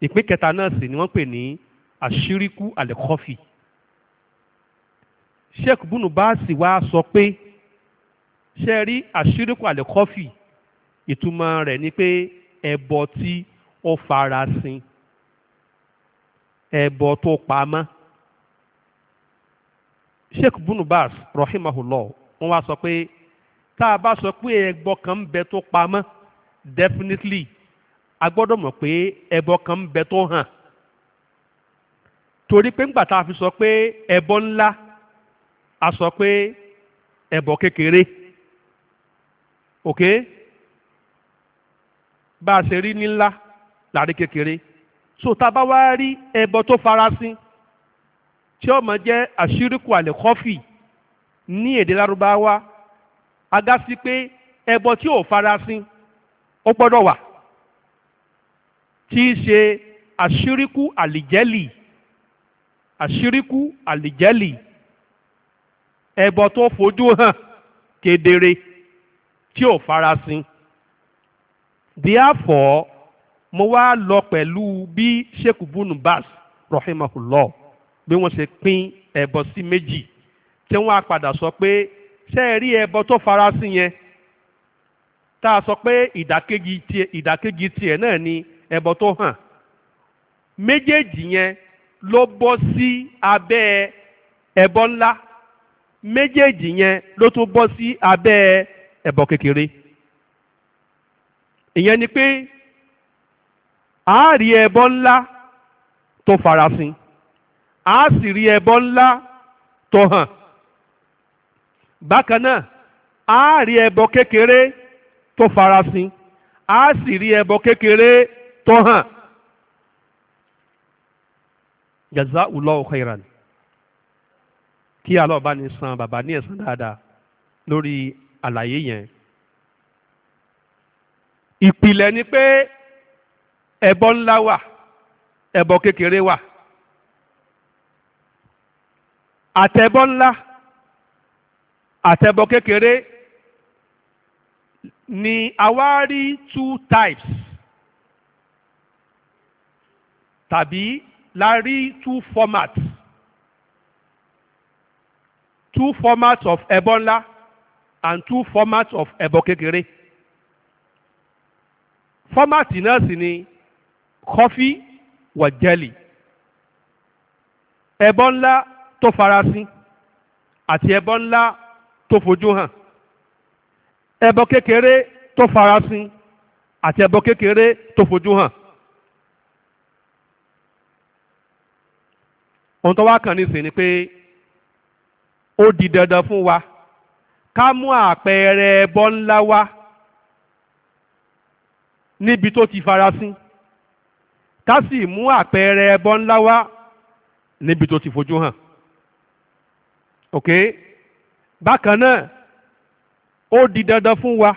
ìpín kẹta náà sì ni wọ́n pè ní àṣíríkú àlẹ́kọ́fì sheikh bunu baasi wá sọ pé ṣe rí àṣíríkú àlẹ́kọ́fì ìtumọ̀ rẹ̀ ni pé ẹbọ tí ó farasin ẹbọ tó pamọ́ sheikh bunu baas rahimahullah wọ́n wá sọ pé tá a bá sọ pé ẹbọ kan ń bẹ tó pamọ́ definitely a gbọ́dọ̀ mọ̀ pé ẹbọ kan ń bẹ tó hàn torí pé ńgbà tá a fi sọ pé ẹbọ ńlá a sọ pé ẹbọ kékeré ok bá a ṣe rí ní ńlá láàrin kékeré so tá a bá wá rí ẹbọ tó farasin tí ó máa àṣírìkù àlẹ kọfì ní èdè lárúbáwá agá sí pé ẹbọ tí ò farasin ó gbọ́dọ̀ wà tí í ṣe àṣíríkú àlìjẹ́lì àṣíríkú àlìjẹ́lì ẹbọ tó fojú hàn kedere tí ò farasin díàfọ́ mo wá lọ pẹ̀lú bí sheikh bunu bas rahimahullah bí wọ́n ṣe pín ẹbọ sí méjì tí wọ́n á padà sọ pé ṣé ẹ rí ẹbọ tó farasin yẹn tá a sọ pé ìdàkejì tiẹ̀ náà ni ẹbọ tó hàn méjèèjì yẹn ló bọ́ sí abẹ́ ẹbọ ńlá méjèèjì yẹn ló tún bọ́ sí abẹ́ ẹbọ kékeré ìyẹn ni pé a rí ẹbọ ńlá tó farasin a sì rí ẹbọ ńlá tó hàn bákan náà a rí ẹbọ kékeré tó farasin a rí ẹbọ kékeré tó hàn jazakumullahu khairan kí alọ́ọ̀bá ní san bàbá ní ẹ̀san dáadáa lórí àlàyé yẹn ìpìlẹ̀ ni pé ẹbọ ńlá wà ẹbọ kékeré wà àtẹbọ ńlá àtẹbọ kékeré ni a wá rí two types tàbí la rí two formats two formats of ẹbọ ńlá and two formats of ẹbọ kékeré fọ́mátì náà sì ni kọfí wọ̀jẹ́lì ẹbọ ńlá tó farasin àti ẹbọ ńlá tó fojú hàn ẹbọ kékeré tó farasin àti ẹbọ kékeré tó fojú hàn ohun tó wá kàn nísìnyí ni pé ó di dandan fún wa ká mú àpẹẹrẹ ẹbọ ńlá wá níbi tó ti farasin ká sì mú àpẹẹrẹ ẹbọ ńlá wá níbi tó ti fojú hàn ok bákan náà ó di dandan fún wa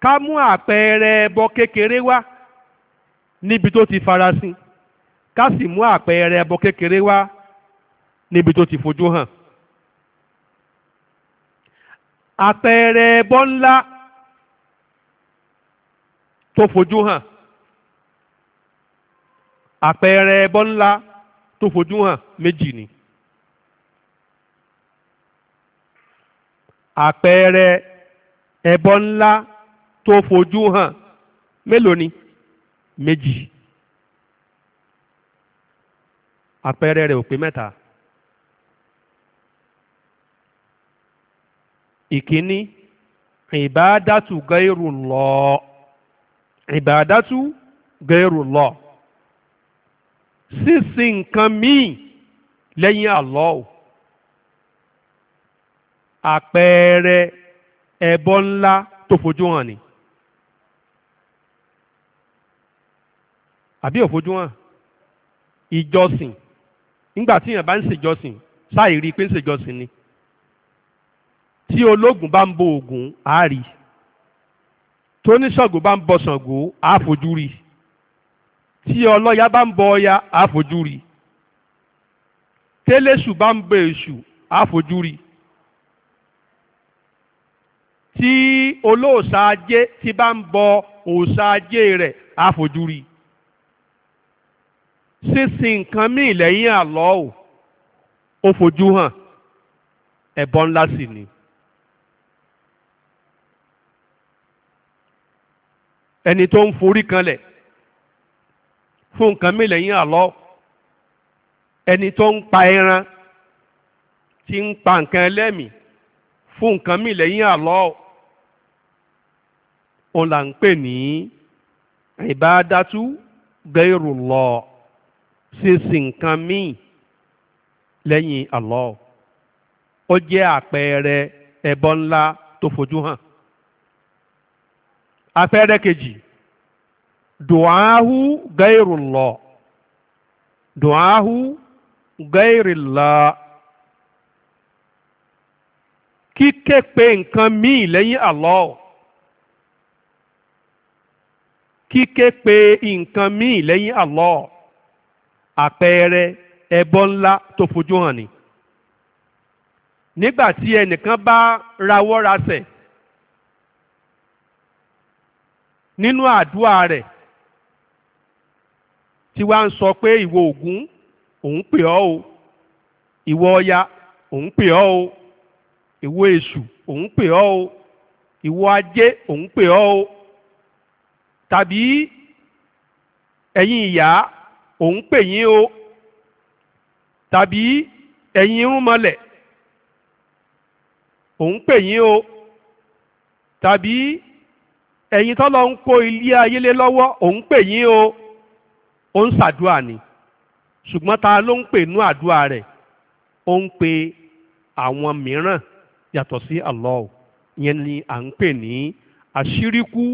ká mú àpẹẹrẹ ẹbọ kékeré wá níbi tó ti farasin ká sì mú àpẹẹrẹ ẹbọ kékeré wá níbi tó ti fojú hàn. àpẹẹrẹ ẹbọ ńlá tó fojú hàn àpẹẹrẹ ẹbọ ńlá tó fojú hàn méjì ni. àpẹẹrẹ ẹbọ ńlá tó fojú hàn mélòó ni méjì àpẹẹrẹ rẹ̀ ò pé mẹ́ta. ìkíní ìbádátù gairu Allah ìbádátù gairu Allah sísìn nǹkan míì lẹ́yìn Allah àpẹẹrẹ ẹbọ ńlá tó fojú hàn ni àbí òfojú hàn ìjọsìn nígbà tí èèyàn bá ń ṣèjọsìn sáà rí i pé ń ṣèjọsìn ni tí ológun bá ń bo ògùn á rí tóníṣàngó bá ń bọ ṣàngó á fojú rí tí ọlọ́ya bá ń bọ ọya á fojú rí tẹ́lẹ̀ṣù bá ń bọ èṣù á fojú rí tí olóòṣà ajé bá ń bọ òòṣà rẹ̀ á fojú rí sísìn nǹkan míì lẹ́yìn àlọ́ ò ó fojú hàn ẹbọ ńlá sì ni. ẹni tó ń forí kanlẹ̀ fún nǹkan mi lẹ́yìn àlọ́ ẹni tó ń pa ẹran tí ń pa nǹkan ẹlẹ́mì fún nǹkan mi lẹ́yìn àlọ́ òun là ń pè ní ìbádátú gairullah sísìn nǹkan mi lẹ́yìn àlọ́ ó jẹ́ àpẹẹrẹ ẹbọ ńlá tó fojú hàn. àpẹẹrẹ kejì lọ, gẹ́rùlọ́ dùnáhù lọ, kíké pé nǹkan míì lẹ́yìn àlọ́, kíké pé nǹkan míì lẹ́yìn àlọ́, àpẹẹrẹ ẹbọ ńlá tó fojú hàn ni nígbà tí ẹnìkan bá rawọ́ rasẹ̀ nínú àdúrà rẹ̀ tí wàá ń sọ pé ìwọ Ògún òun pè ọ́ o ìwọ Ọya òun pè ọ́ o ìwọ Èṣù òun pè ọ́ o ìwọ Ajé òun pè ọ́ o tàbí ẹ̀yin ìyá òun pè yín o tàbí ẹ̀yin irúnmọlẹ̀ òun pè yín o tàbí ẹ̀yin tọ́lọ ń kó ilé ayélé lọ́wọ́ òun pè yín o ó ń ṣàdúà ni ṣùgbọ́n ta ló ń pè nú àdúà rẹ̀ ó ń pe àwọn mìíràn yàtọ̀ sí Allah ìyẹn ni à ń pè ní àṣíríkú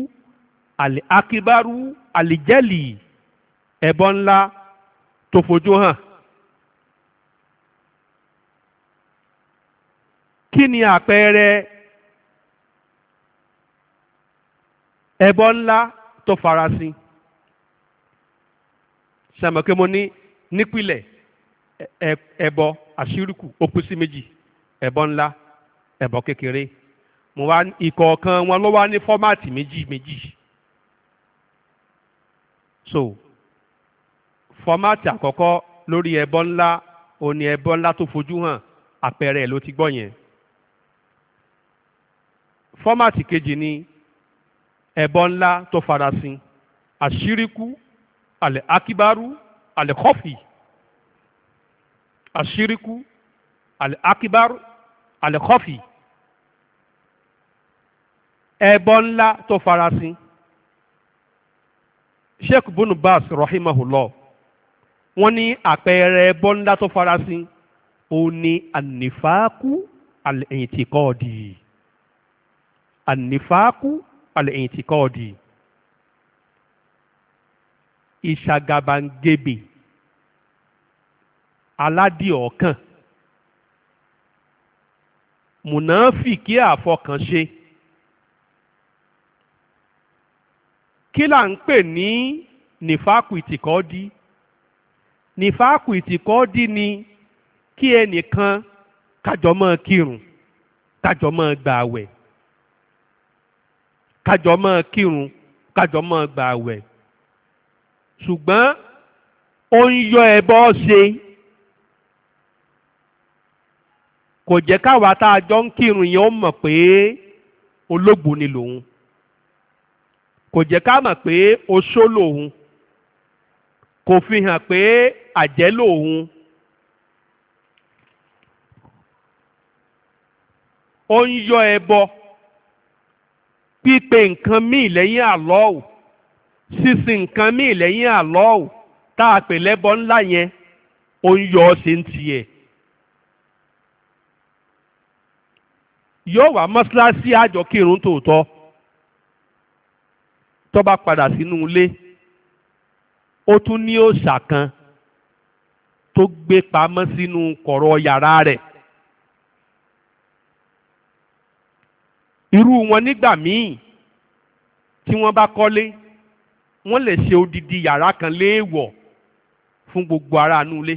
àlè akíbárú àlìjẹ́lì ẹ̀bọ ńlá tó fojú hàn. kí ni àpẹẹrẹ ẹbọ ńlá tó farasin sàmọ̀kẹ́mọ́ ní nípìlẹ̀ ẹbọ àṣírùkù ó pín sí méjì ẹbọ ńlá ẹbọ kékeré mo wá ìkọ̀ọ̀kan wọn ló wá ní fọ́máàtì méjì méjì so fọ́máàtì àkọ́kọ́ lórí ẹbọ ńlá ó ní ẹbọ ńlá tó fojú hàn àpẹẹrẹ ló ti gbọ́ yẹn fọ́máàtì kejì ni ẹ̀bọ ńlá tó farasin àṣíríkú àlẹ́ akíbárú àlẹ́ kọ́fì àṣíríkú àlẹ́ akíbárú àlẹ́ kọ́fì ẹ̀bọ ńlá tó farasin sheikh bunu bas rahimahullah wọ́n ní àpẹẹrẹ ẹ̀bọ ńlá tó farasin ó ní ànífàákú àlẹ́ ẹ̀yìntìkọ́ọ̀dì ànífàákú al-i'tiqadi ìṣàgàbàǹgebè aládìọ̀kàn mùnàfìkì àfọkànṣe kí là ń pè ní nìfàkù ìtìkọ́dí nìfàkù ìtìkọ́dí ni kí ẹnìkan kájọ máa kírun kájọ máa kájọ máa kírun kájọ máa gbà àwẹ̀ ṣùgbọ́n ó ń yọ ẹbọ ṣe kò jẹ́ káwa tá a jọ ń kírun yẹn ó mọ̀ pé olóògbò ni lòun kò jẹ́ ká mọ̀ pé oṣó lòun kò fi hàn pé àjẹ́ lòun. ó ń yọ ẹbọ pípe nǹkan míì lẹ́yìn àlọ́ọ̀ sísìn nǹkan míì lẹ́yìn àlọ́ọ̀ tá a pè lẹ́bọ ńlá yẹn ó ń yọ ọ́ ṣe ń tiẹ̀. yóò wá mọ́ṣáláṣí àjọ kírun tòótọ́ tó bá padà sínú ilé ó tún ní òòṣà kan tó gbé pamọ́ sínú kọ̀rọ̀ yàrá rẹ̀. irú wọn nígbà míì tí wọ́n bá kọ́lé wọ́n lè ṣe odidi yàrá kan léèwọ̀ fún gbogbo ará inú ilé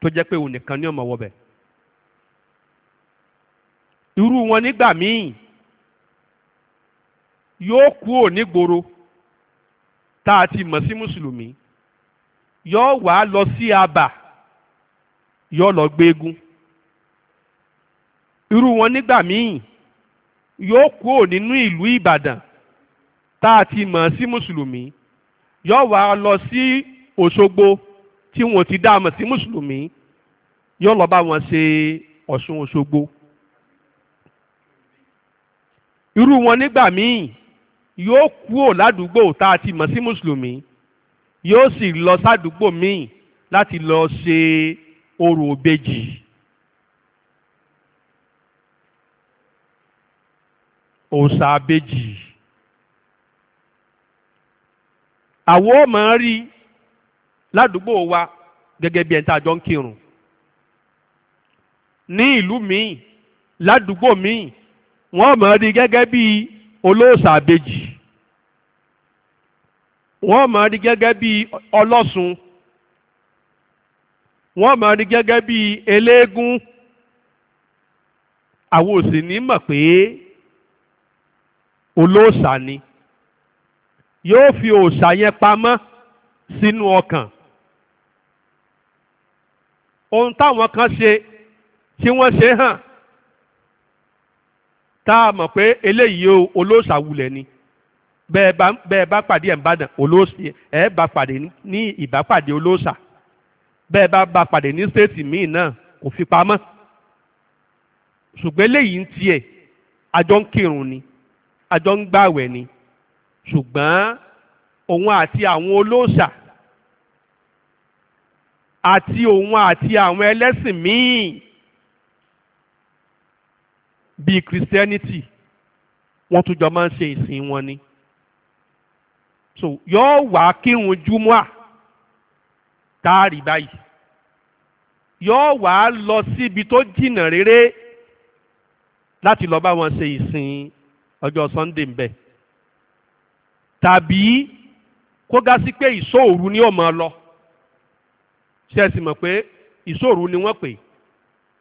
tó jẹ́ pé òun nìkan ni ó irú wọn nígbà míì yóò kúrò nígboro tá a ti mọ̀ sí mùsùlùmí yóò wá lọ sí abà yóò lọ gbé irú wọn nígbà míì yóò kúrò nínú ìlú Ìbàdàn tá a ti mọ̀ sí mùsùlùmí yóò wá lọ sí Òṣogbo tí wọn ti dá a mọ̀ sí mùsùlùmí yóò lọ bá wọn ṣe Ọ̀ṣun Òṣogbo irú wọn nígbà míì yóò kúrò ládùúgbò tá a ti mọ̀ sí mùsùlùmí yóò sì lọ sádùúgbò míì láti lọ ṣe orò òbejì. òòṣà abéjì àwo máa rí ládùúgbò wa gẹ́gẹ́ bí ẹni tá a jọ ń kírun ní ìlú míì ládùúgbò míì wọ́n máa rí gẹ́gẹ́ bí olóòṣà abéjì wọ́n máa rí gẹ́gẹ́ bí ọlọ́sùn wọ́n rí gẹ́gẹ́ bí eléégún àwọn òsì ní mọ̀ olóòṣà ni yóò fi òòṣà yẹn pamọ́ sínú ọkàn ohun táwọn kan ṣe tí wọ́n ṣe hàn tá a mọ̀ pé eléyìí o olóòṣà wulẹ̀ ni bẹ́ẹ̀ bá bẹ́ẹ̀ bá pàdé ẹ̀ ń bàdàn olóòṣà ẹ̀ bá pàdé ní ìbápàdé olóòṣà bẹ́ẹ̀ bá bá pàdé ní stéètì míì náà kò fi pamọ́ ṣùgbọ́n eléyìí ń tiẹ̀ àjọ ń kírun ni àjọ ń gbàwẹ̀ ni ṣùgbọ́n òun àti àwọn olóòṣà àti òun àti àwọn ẹlẹ́sìn míì bíi christianity wọ́n tún jọ máa ń ṣe ìsìn wọn ni so yóò wá kírun júmọ́à táàrí báyìí yóò wá lọ síbi tó jìnnà réré láti lọ bá wọn ṣe ìsìn ọjọ́ sunday ń bẹ tàbí kó ga sí pé ìṣòòru ni ó máa lọ ṣe é sì mọ̀ pé ìṣòòru ni wọ́n pè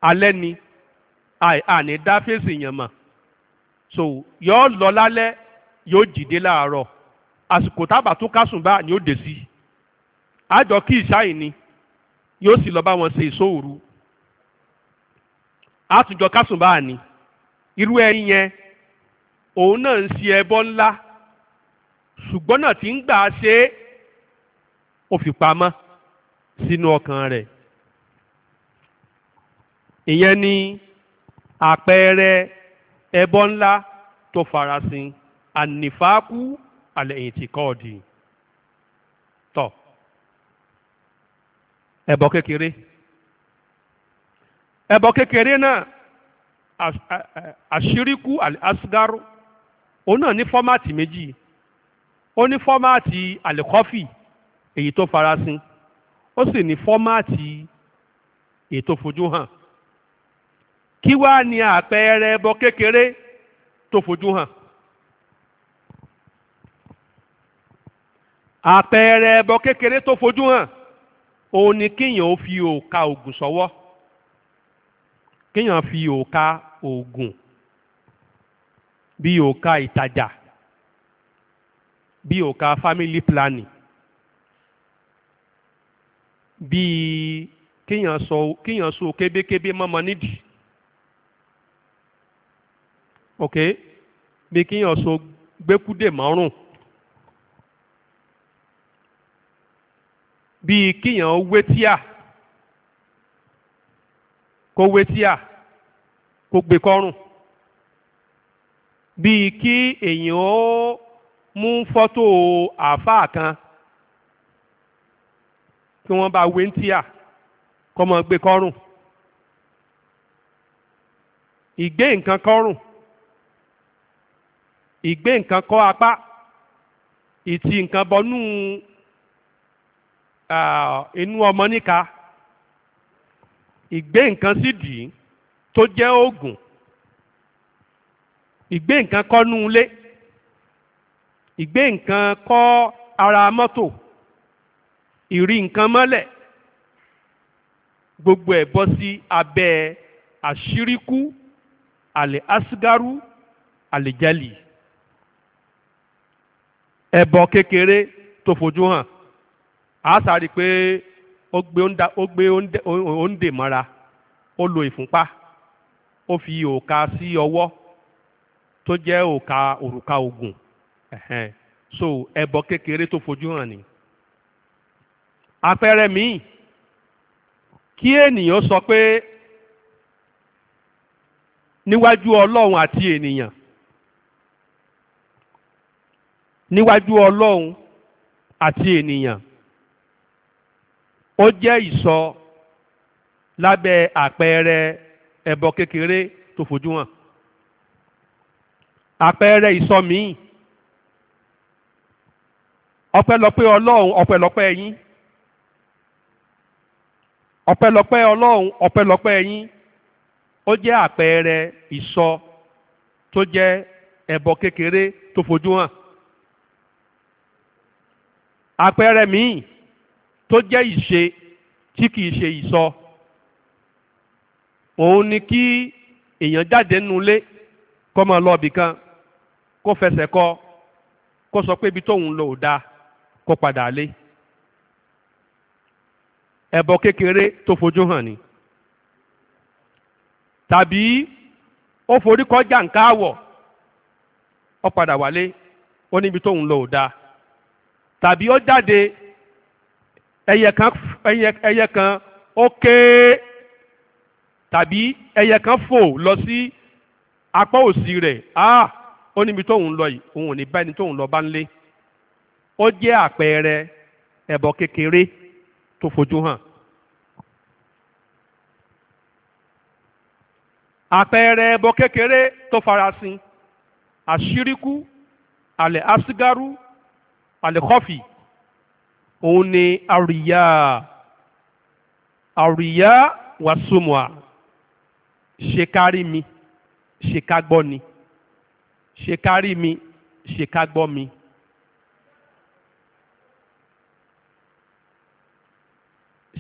alẹ́ ni àní dá fèsì yẹn mọ̀ so yóò lọ lálẹ́ yóò jìde láàárọ̀ àsìkò tábà tó kásùn bá ni ó dé sí àjọ kí ìṣáì ni yóò sì lọ bá wọn ṣe ìṣòòru àtúnjọ kásùn bá ni irú ẹni yẹn òun náà ń ṣe ẹbọ ńlá ṣùgbọ́n náà ti ń gbà á ṣe é ó fi pamọ́ sínú ọkàn rẹ̀ ìyẹn ni àpẹẹrẹ ẹbọ ńlá tó farasin ànífàákú àlẹ́yìn tí kọ́ọ̀dì tọ̀ ẹbọ kékeré ẹbọ kékeré náà àṣíríkú àlẹ́ òun náà ní fọ́máàtì méjì ó ní fọ́máàtì àlẹ́kọ́fì èyí tó farasin ó sì ní fọ́máàtì èyí tó fojú hàn kí wá ni àpẹẹrẹ ẹbọ kékeré tó fojú hàn àpẹẹrẹ ẹbọ kékeré tó fojú hàn òun ni kíyàn ó fi òòka òògùn sọ́wọ́ kíyàn fi òòka òògùn bí òka ìtajà bí òka family planning bí kíyàn sọ kíyàn so kébékébé mọ́mọ nídìí ok bí kíyàn so gbẹ́kúdè márùn bí kíyàn wétíà kó wétíà kó gbé bíi kí èèyàn ó mú fọ́tò àáfàá kan kí wọ́n bá wé ń tíà kọ́ mọ́ gbé kọ́rùn ìgbé nǹkan kọ́rùn ìgbé nǹkan kọ́ apá ìtì nǹkan bọnú inú ọmọ níka ìgbé nǹkan sídìí tó jẹ́ oògùn ìgbé nǹkan kọ́ nú ilé ìgbé nǹkan kọ́ ara mọ́tò ìrí nǹkan mọ́lẹ̀ gbogbo ẹ̀ bọ́ sí abẹ́ àṣíríkú àlè asigaru àlè jẹ́lì ẹ̀bọ kékeré tó fojú hàn á sáré pé ó gbé òǹdè mọ́ra ó lo ìfúnpá ó fi òòka sí ọwọ́ tó jẹ́ òka òrùka ògùn so ẹbọ kékeré tó fojú hàn ni. àpẹẹrẹ mi, kí ènìyàn sọ pé níwájú ọlọ́run àti ènìyàn níwájú ọlọ́run àti ènìyàn ó jẹ́ ìsọ lábẹ́ àpẹẹrẹ ẹbọ kékeré tó fojú hàn àpẹẹrẹ ìsọ míì ọpẹ́lọpẹ́ Ọlọ́run yín ọpẹ́lọpẹ́ Ọlọ́run ọpẹ́lọpẹ́ yín ó jẹ́ àpẹẹrẹ ìsọ tó jẹ́ ẹbọ kékeré tó fojú hàn àpẹẹrẹ míì tó jẹ́ ìṣe tí kìí ṣe ìsọ òun ni kí èèyàn jáde nulé kó máa lọ ibì kó fẹsẹ̀ kọ kó sọ pé ibi tóun lò dáa kó padà lé ẹbọ kékeré tó fojú hàn ni tàbí ó forí kọjá nǹkan àwọ̀ ó padà wálé ó níbi tóun lò dáa tàbí ó jáde ẹyẹ kan ẹyẹ kan ó ké tàbí ẹyẹ kan fò lọ sí apá òsì rẹ̀ ah ó níbi tóun lọ yìí òun ò ní bá ẹni tóun lọ bá ń lé ó jẹ́ àpẹẹrẹ ẹbọ kékeré tó fojú hàn. àpẹẹrẹ ẹbọ kékeré tó farasin àṣíríkú àlẹ́ asigaru àlẹ́ kọ́fì òun ni àríyá àríyá wàsúmùà ṣe mi ṣe ṣe ká rí mi ṣe ká gbọ́ mi.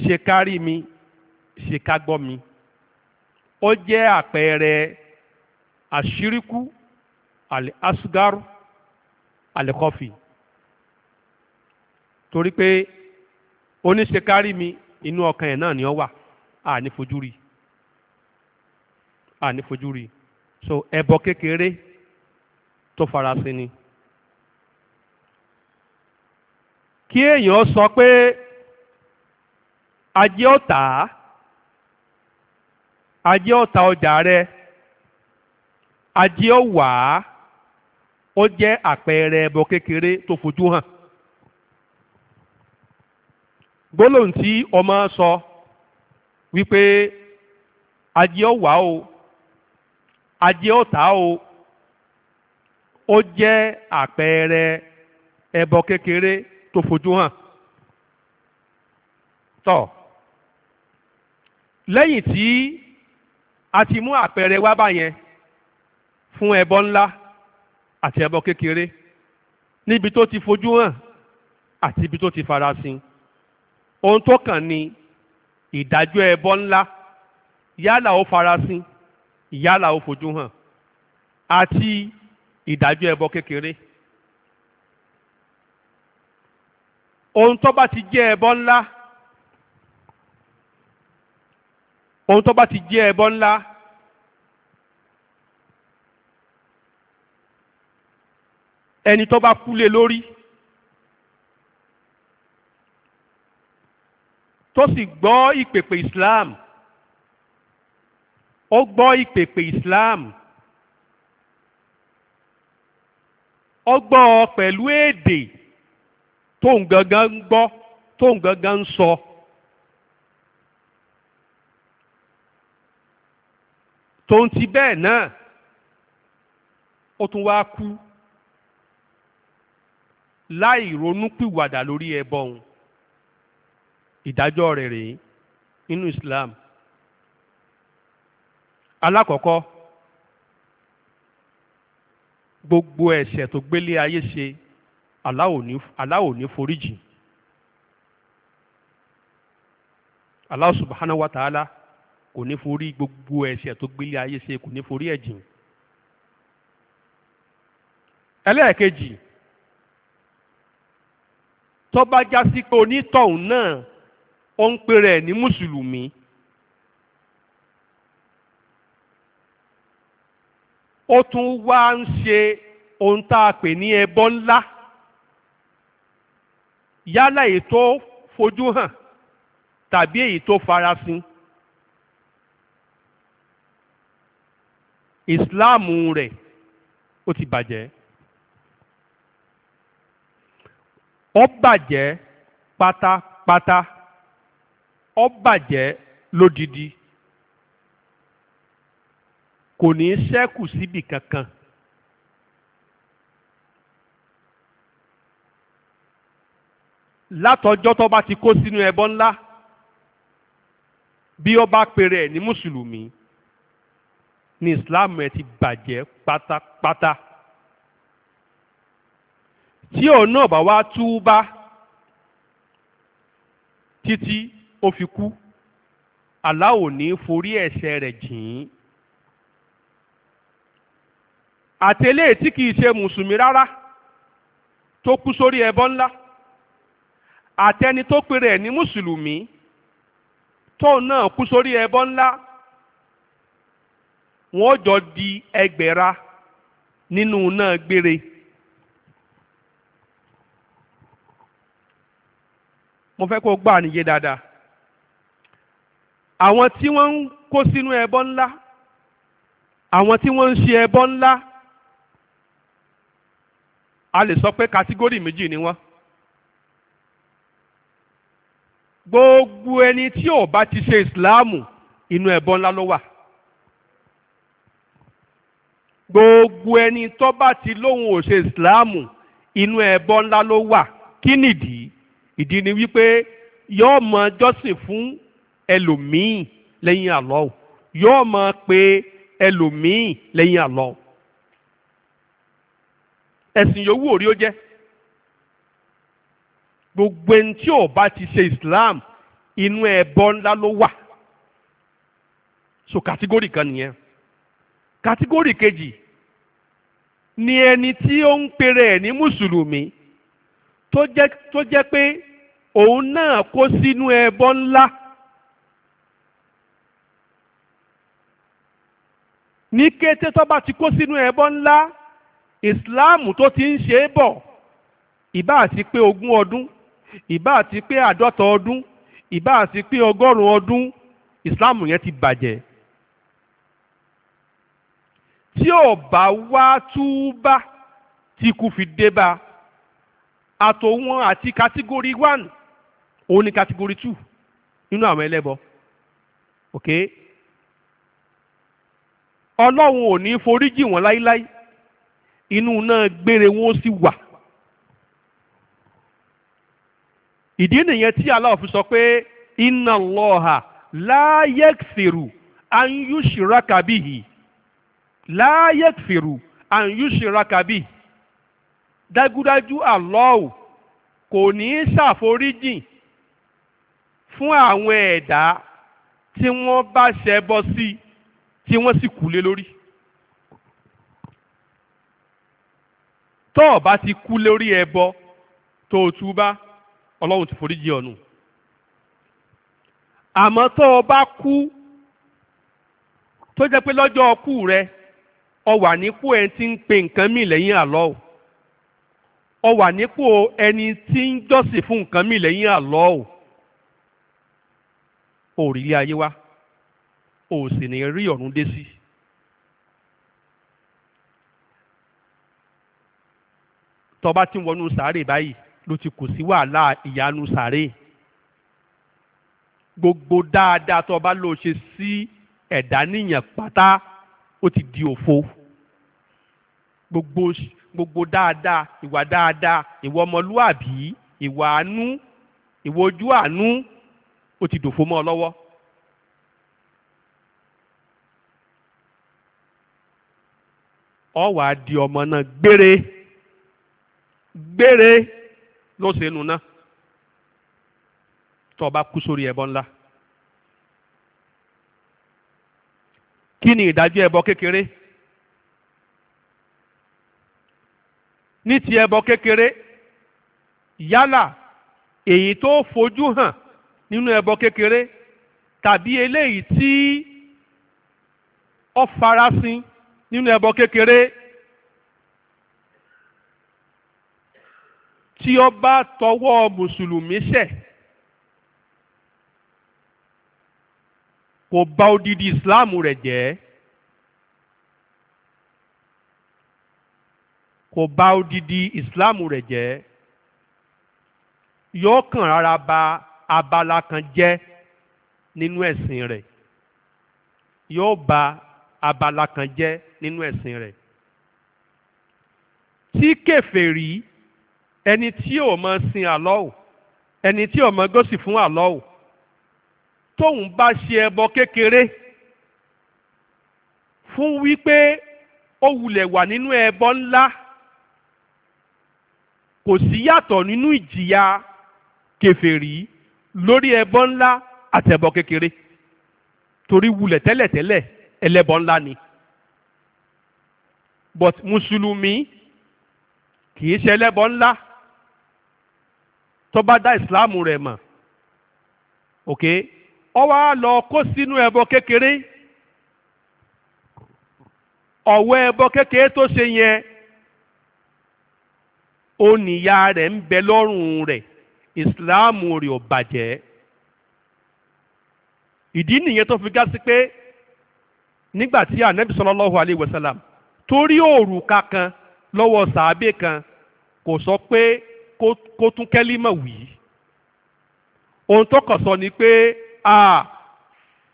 ṣe ká rí mi ṣe ká gbọ́ mi. ó jẹ́ àpẹẹrẹ àṣíríkú àlẹ́ asugaru àlẹ́ kọfì torí pé oníṣe ká rí mi inú ọkàn ẹ̀ náà ni ó wà à ní fojú rí à ní fojú rí so ẹbọ kékeré. tó farasin ni. kí èèyàn sọ pé ajé ọ̀tá ajé ọ̀tá ọjà rẹ ajé ọ̀wá ó jẹ́ àpẹẹrẹ ẹbọ kékeré tó fojú hàn gbólóhùn tí ọmọ sọ wípé ajé ọ̀wá o ajé ọ̀tá o. ó jẹ́ àpẹẹrẹ ẹbọ kékeré tó fojú hàn tọ́ lẹ́yìn tí a ti mú àpẹẹrẹ wá báyẹn fún ẹbọ ńlá àti ẹbọ kékeré níbi tó ti fojú hàn àti ibi tó ti farasin ohun tó kàn ni ìdájọ́ ẹbọ ńlá yálà ó farasin yálà ó fojú hàn àti ìdájọ́ ẹbọ kékeré ohun tó bá ti jẹ́ ẹbọ ńlá ohun tó bá ti jẹ́ ẹbọ ńlá ẹni tó bá kú lé lórí tó sì gbọ́ ìpèpè Islam ó gbọ́ ìpèpè Islam. ọ ọ pẹ̀lú èdè tóun gangan ń gbọ́ tóun gangan ń sọ. tóun ti bẹ́ẹ̀ náà ó tún wá kú láì ronú lórí ẹbọn ìdájọ́ rẹ̀ rèé nínú Islam alákọ̀ọ́kọ́ gbogbo ẹ̀ṣẹ̀ tó gbélé ayé ṣe Allah ní foríjì Allah subhanahu wa ta'ala kò ní forí gbogbo ẹ̀ṣẹ̀ tó gbélé ayé ṣe kò ní forí ẹ̀ jìn ẹlẹ́ẹ̀kejì tó pé onítọ̀hún náà ó ń pè rẹ̀ ní mùsùlùmí ó tún wá ń ṣe ohun tá a pè ní ẹbọ ńlá yálà èyí tó fojú hàn tàbí èyí tó farasin ìsìláàmù rẹ̀ ó ti bàjẹ́ ó bàjẹ́ pátápátá ó bàjẹ́ lódidi. kò ní ṣẹ́kù síbì kankan. látọjọ́ tó bá ti kó sínú ẹbọ ńlá bí ó bá pèrè ẹ̀ ní mùsùlùmí ní islam ẹ ti bàjẹ́ pátápátá tí òun náà bá wá túbá títí ó fi kú Allah ní forí ẹ̀ṣẹ̀ rẹ̀ jìn ín àtẹlé tí kìí ṣe mùsùlùmí rárá tó kú sórí ẹbọ ńlá àtẹni tó pe rẹ̀ ní mùsùlùmí tóun náà kú sórí ẹbọ ńlá wọ́n jọ di ẹgbẹ̀ra nínú náà gbére. mo fẹ́ kó gbà níyé dáadáa àwọn tí wọ́n ń kó sínú ẹbọ ńlá àwọn tí wọ́n ń ṣe ẹbọ ńlá a lè sọ pé kátígórì méjì ni wọ́n gbogbo ẹni tí ò bá ti ṣe ìsìláàmù inú ẹ̀bọ ńlá ló wà gbogbo ẹni tó bá ti lóhun ò ṣe ìsìláàmù inú ẹ̀bọ ńlá ló wà kí nìdí ìdí ni wípé yóò mọ jọ́sìn fún ẹlòmíì lẹ́yìn àlọ́ yóò mọ pé ẹlòmíì lẹ́yìn àlọ́ ẹ̀sìn yòówù òrí ó jẹ́ gbogbo ẹni tí ò bá ti ṣe Islam inú ẹbọ ńlá ló wà so kàtígórì kan nìyẹn kàtígórì kejì ni ẹni tí ó ń pèrè ẹ̀ ní mùsùlùmí tó jẹ́ tó jẹ́ pé òun náà kó sínú ẹbọ ńlá ní kété tó bá ti kó sínú ẹbọ ńlá. Islam tó ti ń ṣe é bọ̀ ìbá àti pé ogún ọdún ìbá àti pé àádọ́ta ọdún ìbá àti pé ọgọ́rùn-ún ọdún ìsìláàmù yẹn ti bàjẹ́ tí ò bá wá túbá tí kú fi dé bá àtòwọn àti kátígórì one òun ni kátígórì two nínú àwọn ẹlẹ́bọ ok ọlọ́run ò ní foríjì wọn láíláí inú náà gbére wọn sì wà ìdí nìyẹn tí Allah fi sọ pé inna Allaha la yakfiru an yushraka bihi la yakfiru an yushraka bihi dájúdájú Allah kò ní í ṣàforíjìn fún àwọn ẹ̀dá tí wọ́n bá ṣẹbọ sí tí wọ́n sì kú lé lórí. tó o bá ti kú lórí ẹbọ tó o túbá ọlọ́run ti foríjì ọ̀nù àmọ́ tó o bá kú tó jẹ́ pé lọ́jọ́ ọkú rẹ ọ wà nípò ẹni tí ń pe nǹkan mì lẹ́yìn àlọ́ o ọ wà nípò ẹni tí ń jọ́sìn fún nǹkan mì lẹ́yìn àlọ́ o òrìlé ayé wa ò sì ní rí ọ̀run dé sí. Si tó bá ti wọnú sàárè báyìí ló ti kò sí wàhálà ìyanu sàárè gbogbo dáadáa tó bá lò ṣe sí ẹ̀dá níyàn pátá ó ti di òfo gbogbo gbogbo dáadáa ìwà dáadáa ìwà ọmọlúàbí ìwà àánú ìwà ojú àánú ó ti dòfo mọ́ ọ lọ́wọ́. ọ wàá di ọmọ náà gbére gbére ló ṣe nu ná tó o bá kú sórí ẹbọ ńlá kí ni ìdájọ́ ẹbọ kékeré ní ti ẹbọ kékeré yálà èyí tó fojú hàn nínú ẹbọ kékeré tàbí eléyìí tí ó farasin nínú ẹbọ kékeré. tí ó bá tọwọ́ mùsùlùmí ṣẹ̀ kò bà odidi ìsìláàmù rẹ̀ jẹ́ kò bà odidi ìsìláàmù rẹ̀ jẹ́ yóò kàn rárá bà abala kan jẹ́ nínú ẹ̀sìn rẹ̀ yóò bà abala kan jẹ́ nínú ẹ̀sìn rẹ̀ tí kèfèrí ẹni tí ò mọ sin àlọ́ọ̀ ẹni tí ò mọ gọ́sì fún àlọ́ọ̀ tóun bá ṣe ẹbọ kékeré fún wípé ó wulẹ̀ wà nínú ẹbọ ńlá kò sí yàtọ̀ nínú ìjìyà kèfèrí lórí ẹbọ ńlá àtẹbọ kékeré torí wulẹ̀ tẹ́lẹ̀tẹ́lẹ̀ ẹlẹ́bọ ńlá ni but mùsùlùmí kì í ṣe ẹlẹ́bọ ńlá. tó bá dá ìsìláàmù mọ. mọ̀ ok ọ wá lọ kó sínú ẹbọ kékeré ọwọ ẹbọ kékeré tó ṣe yẹn ó rẹ rẹ̀ ń bẹ lọ́rùn rẹ ìsìláàmù rẹ̀ ò bàjẹ́ ìdí nìyẹn tó fi gá sí pé nígbà tí anabi sallallahu wasalam wa sallam torí òrùka kan lọwọ sàábé kan kò sọ pé kó tún kẹ́límọ̀ wí ohun tó kàn sọ ni pé a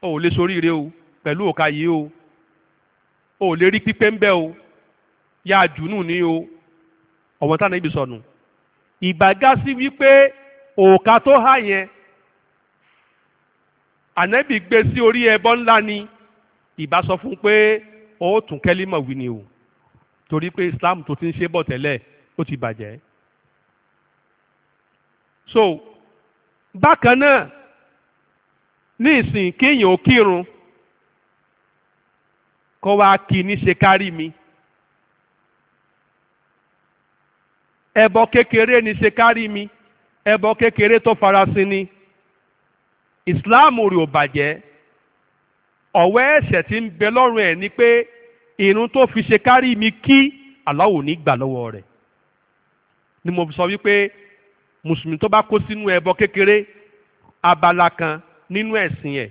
ò lè soríire o pẹ̀lú òka yìí o ò lè rí pípé ń bẹ́ o yá àjùnú ni o ọ̀wọ́n táwọn ibi sọnù ìbágá sí wípé òka tó há yẹn ànẹ́bì gbé sí orí ẹbọ ńlá ni ìbá sọ fún pé ó tún kẹ́límọ̀ wí ni o torí pé Islam tó ti ń ṣe bọ̀ tẹ́lẹ̀ ó ti bàjẹ́ so bákan náà ní ìsìn kéèyàn ó kírun kó wá kí ní ṣe kárí mi ẹbọ kékeré ní ṣe kárí mi ẹbọ kékeré tó farasin ni ìsìláàmù rẹ̀ ò bàjẹ́ ọ̀wẹ́ ẹ̀ṣẹ̀ tí ń bẹ lọ́rùn ẹ̀ ni pé ìrun tó fi ṣe kárí mi kí Allah ní gbà lọ́wọ́ rẹ̀ ni mo sọ wípé mùsùlùmí tó bá kó sínú ẹbọ kékeré abala kan nínú ẹ̀sìn ẹ̀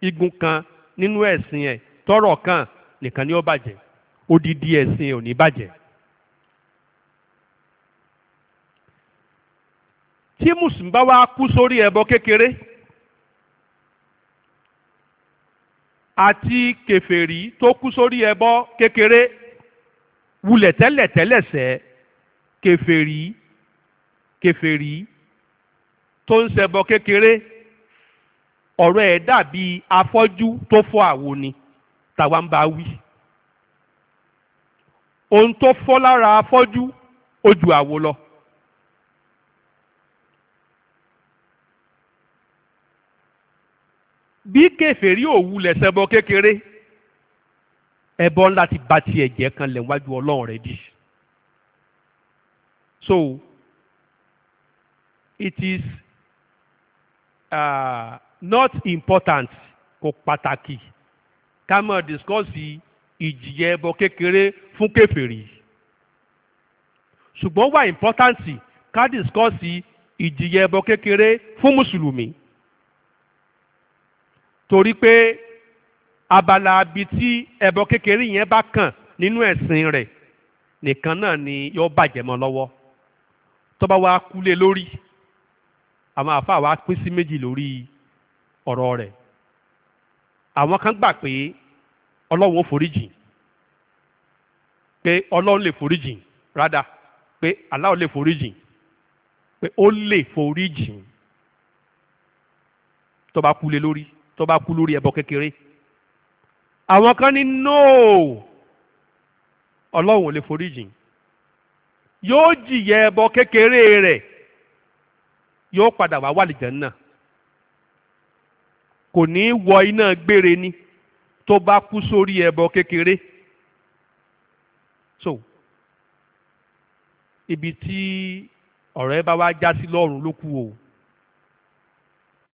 igun kan nínú ẹ̀sìn ẹ̀ tọ́rọ̀ kan nìkan ni ó bàjẹ́ odidi ẹ̀sìn ẹ̀ ò ní bàjẹ́. tí mùsùlùmí bá wá kú sórí ẹbọ kékeré àti kèfèrí tó kú sórí ẹbọ kékeré wulẹ̀ tẹ́lẹ̀ tẹ́lẹ̀ sẹ́ kèfèrí kèfèrí tó ń ṣẹbọ kékeré ọ̀rọ̀ ẹ̀ dàbí afọ́jú tó fọ́ àwo ni tàwa ń bá wí ohun tó fọ́ lára afọ́jú ó ju àwo lọ. bí kèfèrí òwú lẹ̀sẹ̀ kékeré ẹbọ ńlá ti ba tiẹ̀ jẹ́ kan lẹ̀ wájú ọlọ́run rẹ̀ dì. so it is uh, not important kò pàtàkì ká máa discọ́sì ìjìyà ẹbọ kékeré fún kèfèrí ṣùgbọ́n wà important ká discọ́sì ìjìyà ẹbọ kékeré fún mùsùlùmí torí pé abala abi ẹbọ kékeré yẹn bá kàn nínú ẹ̀sìn rẹ̀ nìkan náà ni yóò bàjẹ́ mọ́ lọ́wọ́ tó bá wá lórí àwọn àfáà wa pín sí méjì lórí ọ̀rọ̀ rẹ̀ àwọn kan gbà pé ọlọ́run ó foríjìn pé ọlọ́run lè foríjìn rádà pé aláwọ̀ lè foríjìn pé ó lè foríjìn tó bá kú lé lórí tó bá kú lórí ẹbọ kékeré àwọn kan ní nóò ọlọ́run ò lè foríjìn yóò jìyà ẹbọ kékeré rẹ̀ yóò padà wá wàlìjẹ́ náà kò ní í wọ iná gbére ni tó bá kú sórí ẹbọ kékeré so ibi tí ọ̀rẹ́ bá wá já sí lọ́rùn ló kù o.